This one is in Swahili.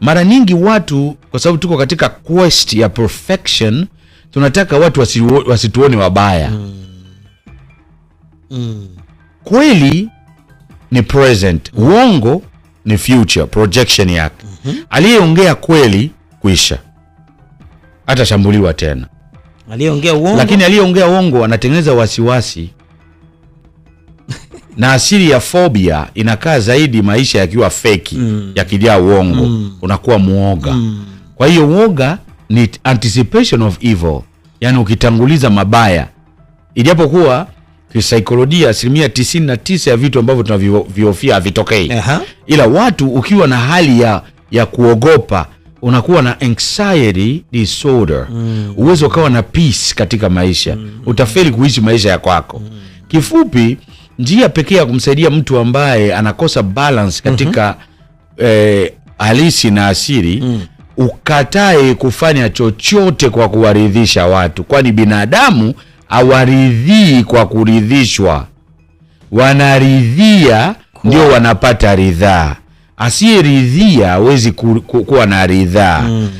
Mara nyingi watu, kwa sababu tuko katika quest ya perfection, tunataka watu wasi, wasituone wabaya mm. Mm. Kweli ni present mm. Uongo ni future projection yake mm -hmm. Aliyeongea kweli kuisha, atashambuliwa tena. Aliyeongea uongo, lakini aliyeongea uongo anatengeneza wasiwasi na asili ya fobia inakaa zaidi maisha yakiwa feki mm. yakijaa uongo mm. unakuwa muoga mm. kwa hiyo uoga ni anticipation of evil, yani ukitanguliza mabaya, ijapokuwa kisaikolojia asilimia tisini na tisa ya vitu ambavyo tunavihofia havitokei. uh-huh. Ila watu ukiwa na hali ya, ya kuogopa unakuwa na anxiety disorder mm. uwezo ukawa na peace katika maisha mm. utafeli kuishi maisha ya kwako mm. Kifupi, njia pekee ya kumsaidia mtu ambaye anakosa balance katika mm -hmm. eh, halisi na asili mm. Ukatae kufanya chochote kwa kuwaridhisha watu, kwani binadamu hawaridhii kwa kuridhishwa, wanaridhia ndio wanapata ridhaa. Asiyeridhia hawezi ku, ku, kuwa na ridhaa mm.